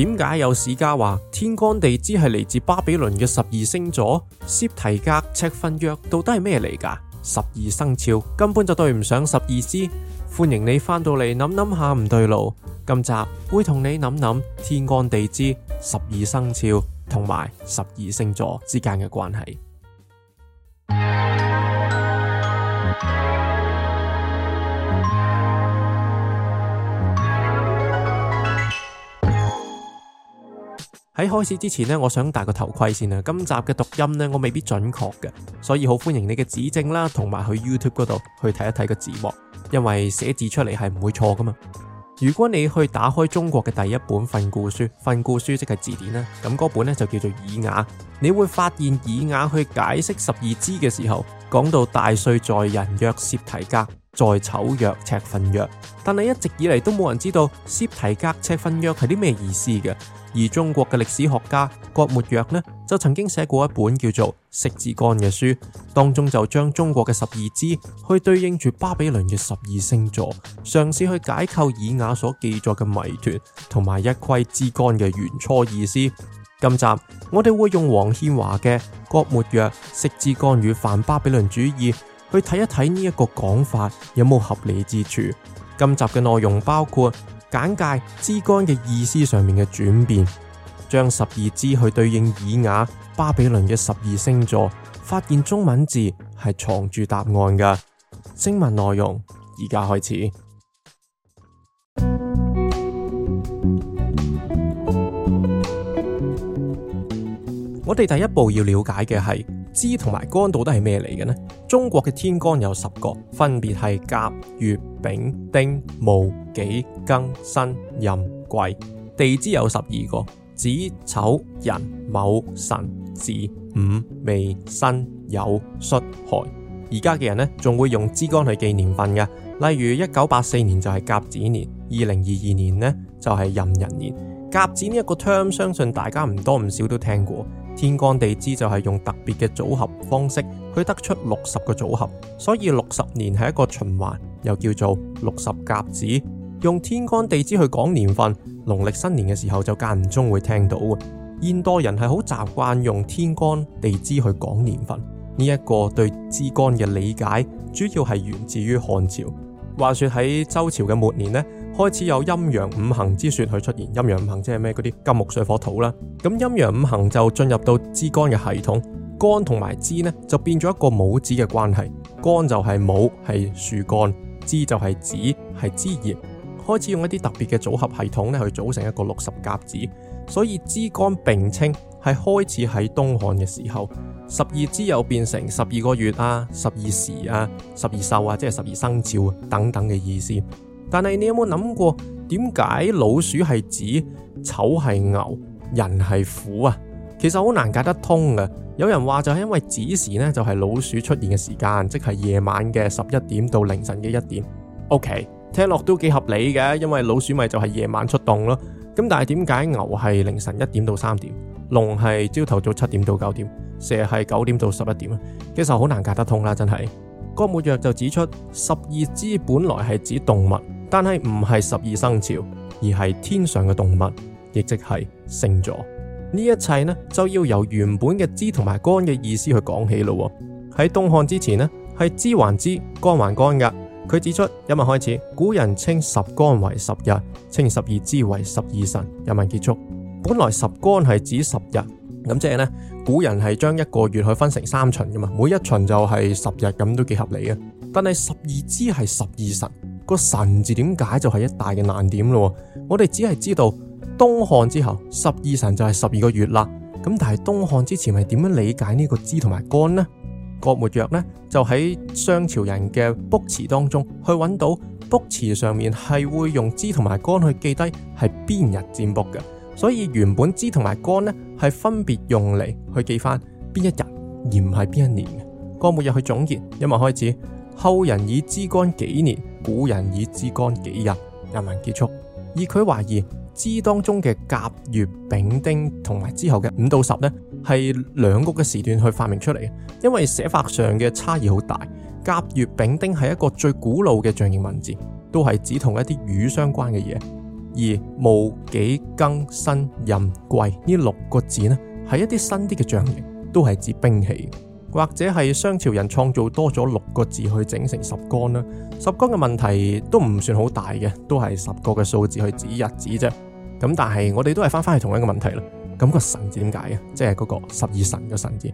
點解有史家話天干地支係嚟自巴比倫嘅十二星座？攝提格、赤奮若到底係咩嚟噶？十二生肖根本就對唔上十二支。歡迎你翻到嚟諗諗下唔對路。今集會同你諗諗天干地支、十二生肖同埋十二星座之間嘅關係。 喺開始之前呢，我想戴個頭盔先啦。今集嘅讀音呢，我未必準確嘅，所以好歡迎你嘅指正啦，同埋去 YouTube 嗰度去睇一睇個字幕，因為寫字出嚟係唔會錯噶嘛。如果你去打開中國嘅第一本訓詁書，訓詁書即係字典啦，咁嗰本呢就叫做《爾雅》，你會發現《爾雅》去解釋十二支嘅時候，講到大歲在寅，曰攝提格，在丑曰赤奮若，但係一直以嚟都冇人知道攝提格、赤奮若係啲咩意思嘅。而中國嘅歷史學家郭沫若呢，就曾經寫過一本叫做《釋支干》嘅書，當中就將中國嘅十二支去對應住巴比倫嘅十二星座，嘗試去解構《爾雅》所記載嘅謎團，同埋一窺支干嘅原初意思。今集我哋會用王獻華嘅《郭沫若釋支干與泛巴比倫主義》去睇一睇呢一個講法有冇合理之處。今集嘅內容包括。簡介支干嘅意思上面嘅轉變，將十二支去對應爾雅、巴比倫嘅十二星座，發現中文字係藏住答案㗎。經文內容，而家開始。我哋第一步要了解嘅係。支同埋干到底係咩嚟嘅呢？中國嘅天干有十個，分別係甲、乙、丙、丁、戊、己、庚、辛、壬、癸；地支有十二個，子、丑、寅、卯、辰、巳、午、未、申、酉、戌、亥。而家嘅人呢，仲會用支干去記年份嘅，例如一九八四年就係甲子年，二零二二年呢就係壬寅年。甲子呢一個 term，相信大家唔多唔少都聽過。天干地支就係用特別嘅組合方式，去得出六十個組合，所以六十年係一個循環，又叫做六十甲子。用天干地支去講年份，農曆新年嘅時候就間唔中會聽到嘅。現代人係好習慣用天干地支去講年份，呢一個對支干嘅理解主要係源自於漢朝。話說喺周朝嘅末年呢。開始有陰陽五行之說去出現，陰陽五行即係咩？嗰啲金木水火土啦。咁陰陽五行就進入到枝幹嘅系統，幹同埋枝呢就變咗一個母子嘅關係。幹就係母，係樹幹；枝就係子，係枝葉。開始用一啲特別嘅組合系統呢去組成一個六十甲子，所以枝幹並稱係開始喺東漢嘅時候，十二支又變成十二個月啊、十二時啊、十二獸啊，即係十二生肖等等嘅意思。但係你有冇諗過，點解老鼠係子，丑係牛，寅係虎啊？其實好難解得通嘅。有人話就係因為子時呢，就係、是、老鼠出現嘅時間，即係夜晚嘅十一點到凌晨嘅一點。O.K. 聽落都幾合理嘅，因為老鼠咪就係夜晚出動咯。咁但係點解牛係凌晨一點到三點，龍係朝頭早七點到九點，蛇係九點到十一點啊？其實好難解得通啦，真係。郭沫若就指出，十二支本來係指動物。但係唔係十二生肖，而係天上嘅動物，亦即係星座。呢一切呢，就要由原本嘅支同埋干嘅意思去講起咯。喺東漢之前呢，係支還支，干還干噶。佢指出，引文開始，古人稱十干為十日，稱十二支為十二神。引文結束，本來十干係指十日，咁即係呢古人係將一個月去分成三旬噶嘛，每一旬就係十日，咁都幾合理嘅。但係十二支係十二神。個神字點解就係一大嘅難點咯。我哋只係知道東漢之後十二神就係十二個月啦。咁但係東漢之前係點樣理解呢個支同埋干呢？郭沫若呢就喺商朝人嘅卜辭當中去揾到卜辭上面係會用支同埋干去記低係邊日占卜嘅，所以原本支同埋干呢係分別用嚟去記翻邊一日而唔係邊一年。郭沫若去總結，因為開始後人以支干紀年。古人以支干幾日日文結束，而佢懷疑支當中嘅甲、乙、丙、丁同埋之後嘅五到十呢係兩個嘅時段去發明出嚟嘅，因為寫法上嘅差異好大。甲、乙、丙、丁係一個最古老嘅象形文字，都係指同一啲魚相關嘅嘢，而戊、己、庚、辛、壬、癸呢六個字呢，係一啲新啲嘅象形，都係指兵器。或者係商朝人創造多咗六個字去整成十干啦，十干嘅問題都唔算好大嘅，都係十個嘅數字去指日子啫。咁但係我哋都係翻翻去同一個問題啦。咁、那個辰字點解嘅？即係嗰個十二辰嘅辰字，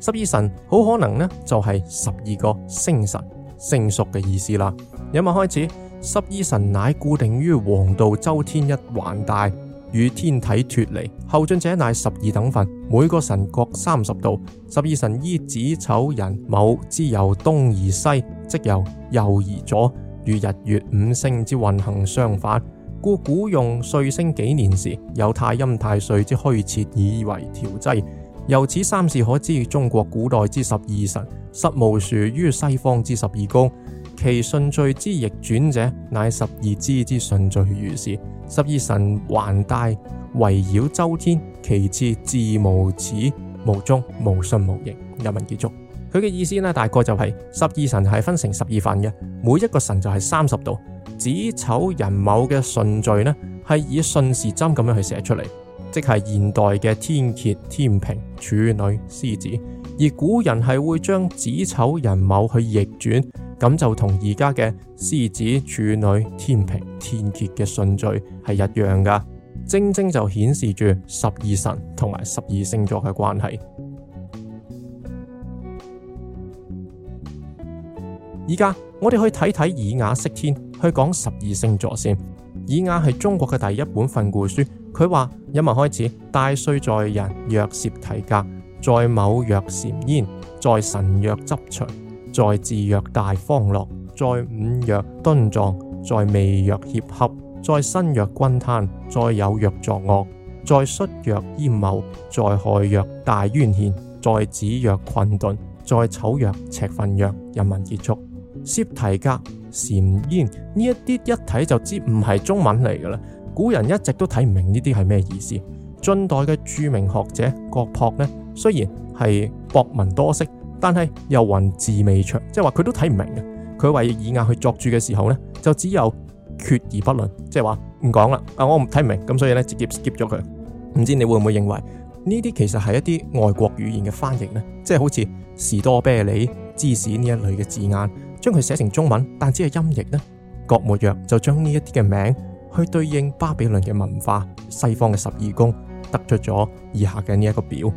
十二辰好可能呢就係、是、十二個星辰，星宿嘅意思啦。由一開始，十二辰乃固定於黃道周天一環帶。與天體脫離，後進者乃十二等份，每個神各三十度。十二神依子丑寅卯之由東而西，即由右而左，與日月五星之運行相反。故古用歲星紀年時，有太陰太歲之虛設以為調劑。由此三事可知，中國古代之十二神實無殊於西方之十二宮。其順序之逆轉者，乃十二支之順序如是。十二神環帶圍繞周天，其次自無始、無終、無信無形。人民結束佢嘅意思呢，大概就係、是、十二神係分成十二份嘅，每一個神就係三十度。子丑寅卯嘅順序呢，係以順時針咁樣去寫出嚟，即係現代嘅天蠍、天平、處女、獅子。而古人係會將子丑寅卯去逆轉。咁就同而家嘅獅子、處女、天平、天蠍嘅順序係一樣噶，正正就顯示住十二辰同埋十二星座嘅關係。而家我哋去睇睇《爾雅釋天》，去講十二星座先。《爾雅》係中國嘅第一本訓詁書，佢話：，引文開始，大歲在寅，曰攝提格；在卯曰單，曰單閼；在辰，曰執徐。在巳曰大荒落，在午曰敦牂，在未曰協洽，在申曰涒灘，在酉曰作噩，在戌曰閹茂，在亥曰大淵獻，在子曰困敦，在丑曰赤奮若。人民結束。攝提格、單閼呢一啲一睇就知唔係中文嚟嘅啦。古人一直都睇唔明呢啲係咩意思。晉代嘅著名學者郭璞呢，雖然係博聞多識。但係又云字未出，即係話佢都睇唔明嘅。佢為爾雅去作注嘅時候呢，就只有缺而不論，即係話唔講啦。啊，我唔睇唔明，咁所以呢，直接 skip 咗佢。唔知你會唔會認為呢啲其實係一啲外國語言嘅翻譯呢？即係好似士多啤梨、芝士呢一類嘅字眼，將佢寫成中文，但只係音譯呢。郭沫若就將呢一啲嘅名去對應巴比倫嘅文化、西方嘅十二宮，得出咗以下嘅呢一個表。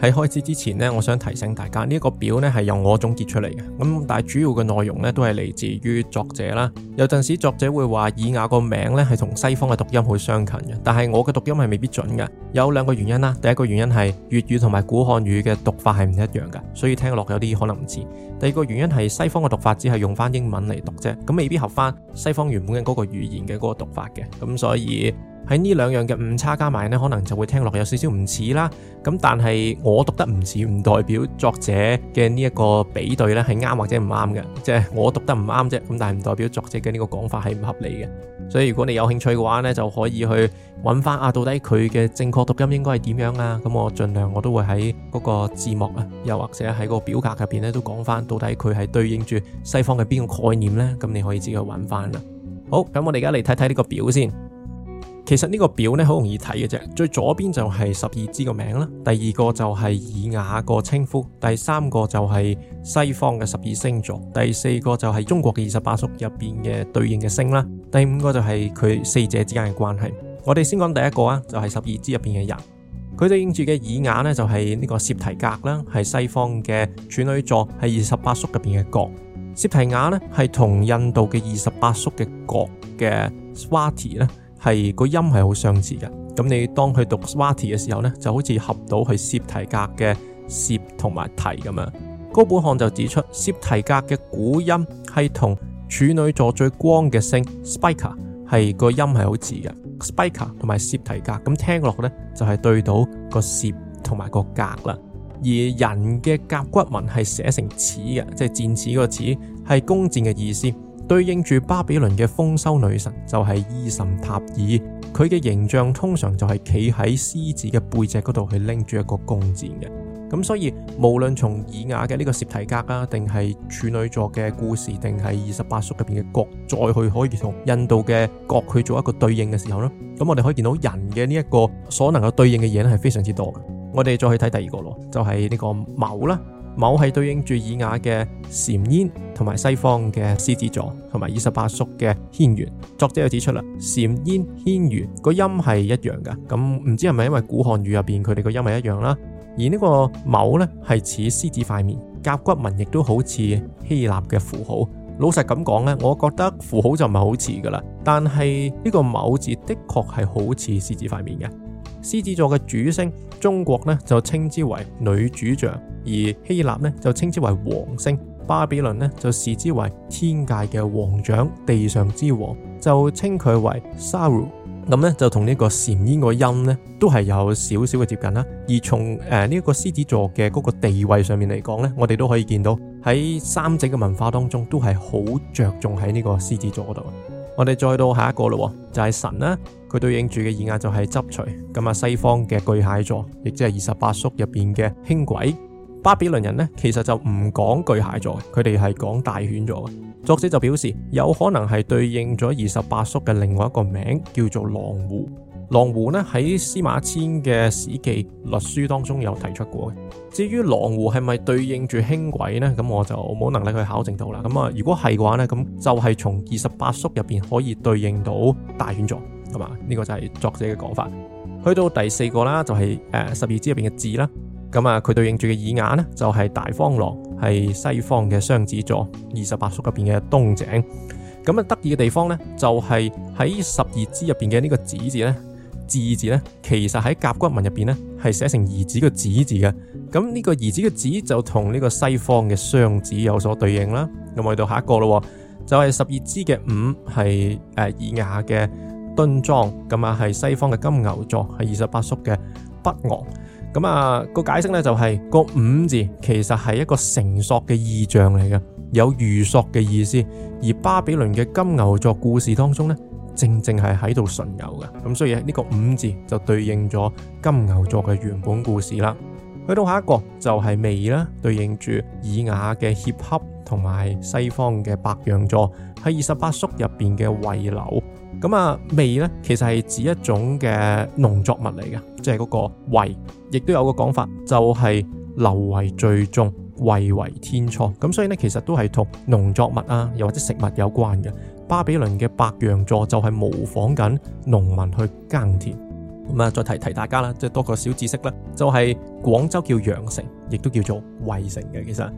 喺開始之前呢，我想提醒大家，呢一個表呢係由我總結出嚟嘅。咁但係主要嘅內容呢都係嚟自於作者啦。有陣時作者會話爾雅個名呢係同西方嘅讀音好相近嘅，但係我嘅讀音係未必準嘅。有兩個原因啦。第一個原因係粵語同埋古漢語嘅讀法係唔一樣嘅，所以聽落有啲可能唔似。第二個原因係西方嘅讀法只係用翻英文嚟讀啫，咁未必合翻西方原本嘅嗰個語言嘅嗰個讀法嘅。咁所以。喺呢兩樣嘅誤差加埋呢，可能就會聽落有少少唔似啦。咁但係我讀得唔似，唔代表作者嘅呢一個比對呢係啱或者唔啱嘅，即係我讀得唔啱啫。咁但係唔代表作者嘅呢個講法係唔合理嘅。所以如果你有興趣嘅話呢，就可以去揾翻啊，到底佢嘅正確讀音應該係點樣啦。咁我儘量我都會喺嗰個字幕啊，又或者喺個表格入邊咧都講翻，到底佢係對應住西方嘅邊個概念呢。咁你可以自己去揾翻啦。好，咁我哋而家嚟睇睇呢個表先。其實呢個表咧好容易睇嘅啫，最左邊就係十二支個名啦，第二個就係爾雅個稱呼，第三個就係西方嘅十二星座，第四個就係中國嘅二十八宿入邊嘅對應嘅星啦，第五個就係佢四者之間嘅關係。我哋先講第一個啊，就係、是、十二支入邊嘅人，佢哋對應住嘅爾雅呢，就係、是、呢個攝提格啦，係西方嘅處女座，係二十八宿入邊嘅角。攝提雅呢，係同印度嘅二十八宿嘅角嘅 Swati 啦。係個音係好相似嘅，咁你當佢讀 Swati 嘅時候呢，就好似合到佢攝提格嘅攝同埋提咁樣。高本漢就指出攝提格嘅古音係同處女座最光嘅星 Spica，係個音係好似嘅 Spica 同埋攝提格，咁聽落呢，就係、是、對到、那個攝同埋個格啦。而人嘅甲骨文係寫成矢嘅，即係箭矢嗰個矢，係弓箭嘅意思。對應住巴比倫嘅豐收女神就係伊什塔爾，佢嘅形象通常就係企喺獅子嘅背脊嗰度去拎住一個弓箭嘅。咁所以無論從爾雅嘅呢個攝提格啊，定係處女座嘅故事，定係二十八宿入邊嘅角，再去可以同印度嘅角去做一個對應嘅時候咧，咁我哋可以見到人嘅呢一個所能夠對應嘅嘢咧係非常之多嘅。我哋再去睇第二個咯，就係、是、呢個卯啦。某係對應住爾雅嘅蟬煙，同埋西方嘅獅子座，同埋二十八宿嘅軒轅。作者又指出啦，蟬煙、軒轅個音係一樣噶，咁、嗯、唔知係咪因為古漢語入邊佢哋個音係一樣啦？而呢個某呢係似獅子塊面，甲骨文亦都好似希臘嘅符號。老實咁講呢，我覺得符號就唔係好似噶啦，但係呢個某字的確係好似獅子塊面嘅獅子座嘅主星，中國呢，就稱之為女主像。而希臘咧就稱之為王星，巴比倫呢，就視之為天界嘅皇長，地上之王就稱佢為 Saru。咁咧就同呢一個閃煙個音呢，都係有少少嘅接近啦。而從誒呢一個獅子座嘅嗰個地位上面嚟講呢，我哋都可以見到喺三者嘅文化當中都係好着重喺呢個獅子座嗰度。我哋再到下一個咯、哦，就係、是、辰啦，佢對應住嘅爾雅就係執徐咁啊。西方嘅巨蟹座，亦即係二十八宿入邊嘅輕軌。巴比倫人呢，其實就唔講巨蟹座，佢哋係講大犬座嘅。作者就表示，有可能係對應咗二十八宿嘅另外一個名叫做狼狐。狼狐呢，喺司馬遷嘅史記律書當中有提出過嘅。至於狼狐係咪對應住輕軌呢，咁我就冇能力去考證到啦。咁啊，如果係嘅話呢，咁就係從二十八宿入邊可以對應到大犬座，係嘛？呢個就係作者嘅講法。去到第四個啦，就係誒十二支入邊嘅子啦。咁啊，佢、嗯、對應住嘅爾雅呢，就係、是、大荒落，係西方嘅雙子座，二十八宿入邊嘅東井。咁、嗯、啊，得意嘅地方呢，就係、是、喺十二支入邊嘅呢個子字呢，子字呢，其實喺甲骨文入邊呢，係寫成兒子嘅子字嘅。咁、嗯、呢、這個兒子嘅子就同呢個西方嘅雙子有所對應啦。咁、嗯、啊，到下一個咯，就係、是、十二支嘅午係誒爾雅嘅敦牂，咁啊係西方嘅金牛座，係二十八宿嘅北昂。咁啊，個解釋咧就係個午字其實係一個繩索嘅意象嚟嘅，有如索嘅意思。而巴比倫嘅金牛座故事當中呢，正正係喺度巡遊嘅。咁所以呢個午字就對應咗金牛座嘅原本故事啦。去到下一個就係未啦，對應住爾雅嘅協洽同埋西方嘅白羊座，喺二十八宿入邊嘅胃婁。咁啊，未呢其實係指一種嘅農作物嚟嘅，即係嗰個維，亦都有個講法就係留維最重，維為天錯。咁所以呢，其實都係同農作物啊，又或者食物有關嘅。巴比倫嘅白羊座就係模仿緊農民去耕田。咁啊、嗯，再提提大家啦，即係多個小知識啦，就係、是、廣州叫羊城，亦都叫做維城嘅。其實，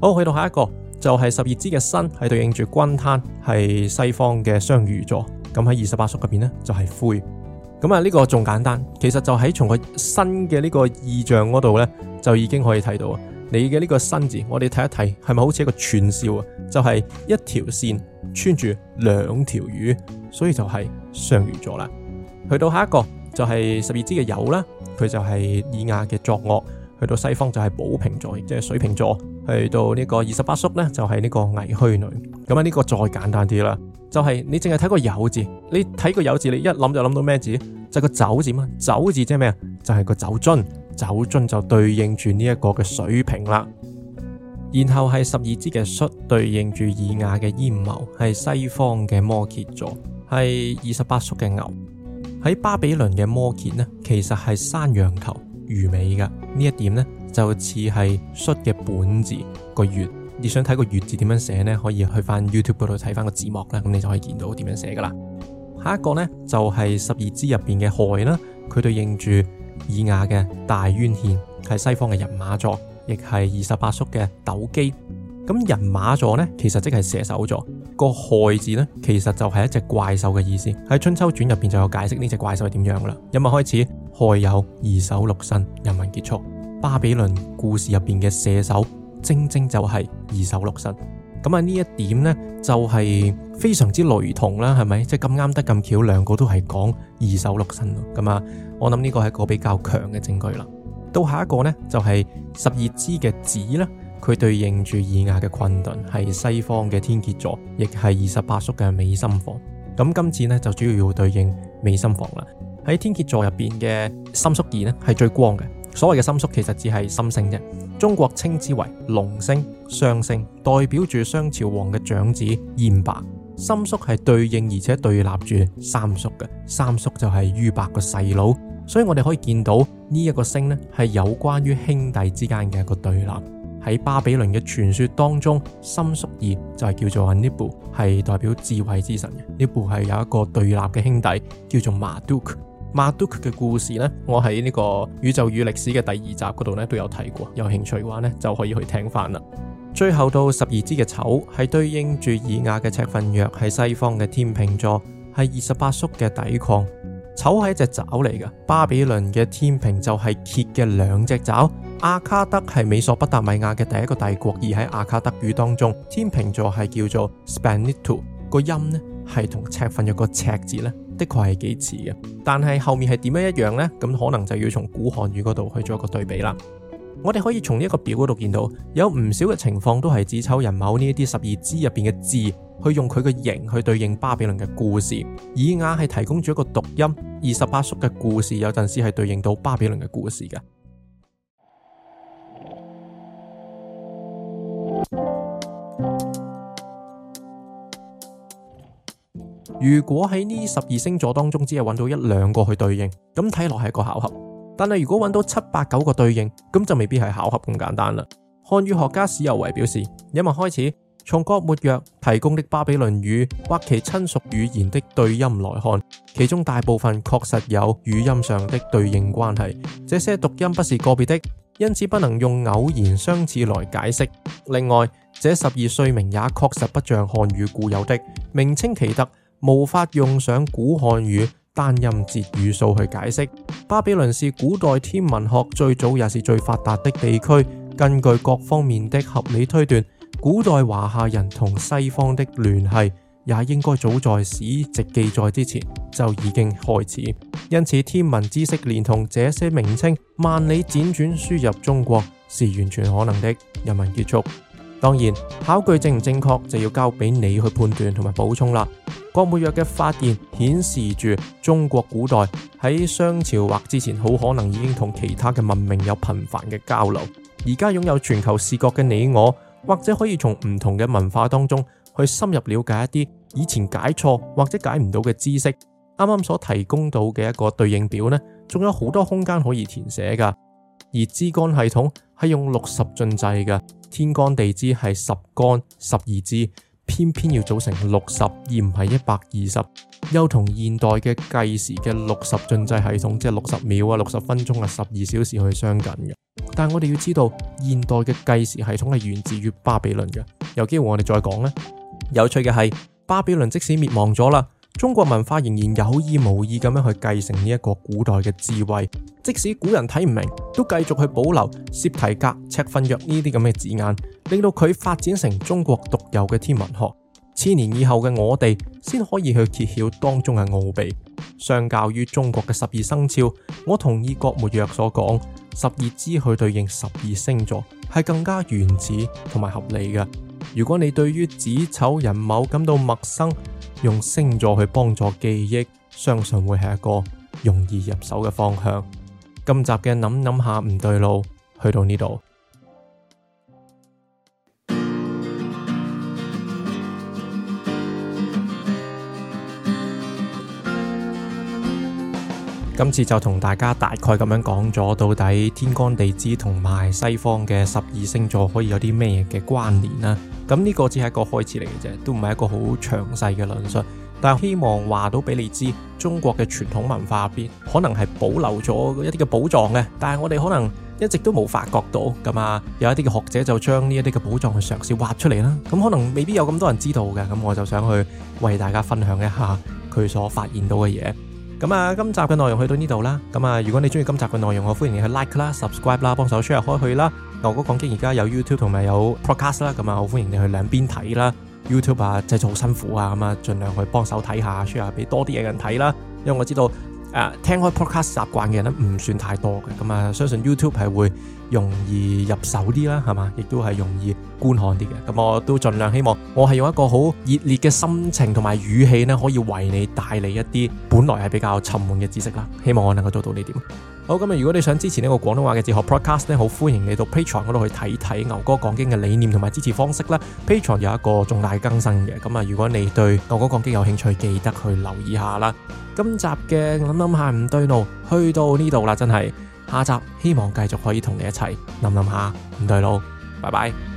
好去到下一個就係、是、十二支嘅申，係對應住涒灘，係西方嘅雙魚座。咁喺二十八宿入邊呢，就係、是、灰，咁啊呢個仲簡單，其實就喺從佢申嘅呢個意象嗰度呢，就已經可以睇到啊，你嘅呢個申字，我哋睇一睇係咪好似一個串燒啊，就係、是、一條線穿住兩條魚，所以就係雙魚座啦。去到下一個就係十二支嘅酉啦，佢就係爾雅嘅作惡。去到西方就係寶瓶座，即係水瓶座。去到呢個二十八宿呢，就係、是、呢個危虛女。咁啊呢個再簡單啲啦，就係、是、你淨係睇個酉字，你睇個酉字，你一諗就諗到咩字？就是、個酒字嘛。酒字即係咩啊？就係、是、個酒樽。酒樽就對應住呢一個嘅水瓶啦。然後係十二支嘅戌對應住爾雅嘅閹茂，係西方嘅摩羯座，係二十八宿嘅牛。喺巴比倫嘅摩羯呢，其實係山羊頭。魚尾嘅呢一點呢，就似係戌嘅本字個月，你想睇個月字點樣寫呢？可以去翻 YouTube 嗰度睇翻個字幕啦，咁你就可以見到點樣寫噶啦。下一個呢，就係十二支入邊嘅亥啦，佢對應住爾雅嘅大淵獻，係西方嘅人馬座，亦係二十八宿嘅斗箕。咁人馬座呢，其實即係射手座。個害字呢，其實就係一隻怪獸嘅意思。喺《春秋傳》入邊就有解釋呢隻怪獸係點樣啦。人物開始，害有二手六神，人民結束，巴比倫故事入邊嘅射手，正正就係二手六神啊。咁啊呢一點呢，就係非常之雷同啦，係咪？即係咁啱得咁巧，兩個都係講二手六神咯。咁啊，我諗呢個係個比較強嘅證據啦。到下一個呢，就係十二支嘅指啦。佢對應住以亞嘅困頓，係西方嘅天蠍座，亦係二十八宿嘅尾心房。咁今次呢，就主要要對應尾心房啦。喺天蠍座入邊嘅心宿二呢，係最光嘅。所謂嘅心宿其實只係心星啫，中國稱之為龍星、雙星，代表住商朝王嘅長子燕白。心宿係對應而且對立住三宿嘅，三宿就係於白個細佬。所以我哋可以見到呢一個星呢，係有關於兄弟之間嘅一個對立。喺巴比倫嘅傳說當中，心宿二就係、是、叫做 Nebu，係代表智慧之神嘅。Nebu 係有一個對立嘅兄弟叫做 Marduk。Marduk 嘅故事呢，我喺呢個宇宙與歷史嘅第二集嗰度咧都有睇過。有興趣嘅話呢，就可以去聽翻啦。最後到十二支嘅丑係對應住爾雅嘅赤奮若，係西方嘅天秤座，係二十八宿嘅抵抗。丑係一隻爪嚟噶，巴比倫嘅天平就係蠍嘅兩隻爪。阿卡德係美索不達米亞嘅第一個帝國，而喺阿卡德語當中，天平座係叫做 spanitoo，個音呢係同赤奮若個赤字呢，的確係幾似嘅。但係後面係點樣一樣呢？咁可能就要從古漢語嗰度去做一個對比啦。我哋可以從呢一個表嗰度見到，有唔少嘅情況都係子丑寅卯呢一啲十二支入邊嘅字，去用佢嘅形去對應巴比倫嘅故事。爾雅係提供咗一個讀音，二十八宿嘅故事有陣時係對應到巴比倫嘅故事嘅。如果喺呢十二星座當中，只係揾到一兩個去對應，咁睇落係一個巧合。但係如果揾到七八九個對應，咁就未必係巧合咁簡單啦。漢語學家史有為表示，因為開始從郭沫若提供的巴比倫語或其親屬語言的對音來看，其中大部分確實有語音上的對應關係，這些讀音不是個別的，因此不能用偶然相似來解釋。另外，這十二歲名也確實不像漢語固有的，名稱奇特，無法用上古漢語。單音節語素去解釋，巴比倫是古代天文學最早也是最發達的地區。根據各方面的合理推斷，古代華夏人同西方的聯繫也應該早在史籍記載之前就已經開始。因此，天文知識連同這些名稱萬里輾轉輸入中國是完全可能的。人民結束。當然，考據正唔正確就要交俾你去判斷同埋補充啦。郭沫若嘅發現顯示住中國古代喺商朝或之前，好可能已經同其他嘅文明有頻繁嘅交流。而家擁有全球視角嘅你我，或者可以從唔同嘅文化當中去深入了解一啲以前解錯或者解唔到嘅知識。啱啱所提供到嘅一個對應表呢，仲有好多空間可以填寫㗎。而支干系統係用六十進制嘅，天干地支係十干十二支。偏偏要組成六十，而唔係一百二十，又同現代嘅計時嘅六十進制系統，即係六十秒啊、六十分鐘啊、十二小時去相近嘅。但我哋要知道，現代嘅計時系統係源自於巴比倫嘅，有機會我哋再講啦。有趣嘅係，巴比倫即使滅亡咗啦。中國文化仍然有意無意咁樣去繼承呢一個古代嘅智慧，即使古人睇唔明，都繼續去保留攝提格、赤奮若呢啲咁嘅字眼，令到佢發展成中國獨有嘅天文學。千年以後嘅我哋，先可以去揭曉當中嘅奧秘。相較於中國嘅十二生肖，我同意郭沫若所講，十二支去對應十二星座，係更加原始同埋合理嘅。如果你對於子丑寅卯感到陌生，用星座去幫助記憶，相信會係一個容易入手嘅方向。今集嘅諗諗下唔對路，去到呢度。 今次就同大家大概咁樣講咗，到底天干地支同埋西方嘅十二星座可以有啲咩嘅關聯呢？咁呢個只係一個開始嚟嘅啫，都唔係一個好詳細嘅論述，但係希望話到俾你知，中國嘅傳統文化入邊可能係保留咗一啲嘅寶藏嘅，但係我哋可能一直都冇發覺到，咁啊有一啲嘅學者就將呢一啲嘅寶藏去嘗試挖出嚟啦，咁可能未必有咁多人知道嘅，咁我就想去為大家分享一下佢所發現到嘅嘢。咁啊，今集嘅內容去到呢度啦。咁啊，如果你中意今集嘅內容，我歡迎你去 like 啦、subscribe 啦，幫手 share 開去啦。牛哥講經而家有 YouTube 同埋有 podcast 啦，咁啊，我歡迎你去兩邊睇啦。YouTube 啊製作好辛苦啊，咁啊盡量去幫手睇下，share 俾多啲嘢人睇啦。因為我知道啊，聽開 podcast 習慣嘅人咧唔算太多嘅，咁啊，相信 YouTube 係會，容易入手啲啦，係嘛，亦都係容易觀看啲嘅。咁我都盡量希望，我係用一個好熱烈嘅心情同埋語氣呢可以為你帶嚟一啲本來係比較沉悶嘅知識啦。希望我能夠做到呢點。好，咁啊，如果你想支持呢個廣東話嘅哲學 podcast 咧，好歡迎你到 Patreon 嗰度去睇睇牛哥講經嘅理念同埋支持方式啦。Patreon 有一個重大更新嘅，咁啊，如果你對牛哥講經有興趣，記得去留意下啦。今集嘅諗諗下唔對路，去到呢度啦，真係～下集希望繼續可以同你一齊諗諗下，唔對路，拜拜。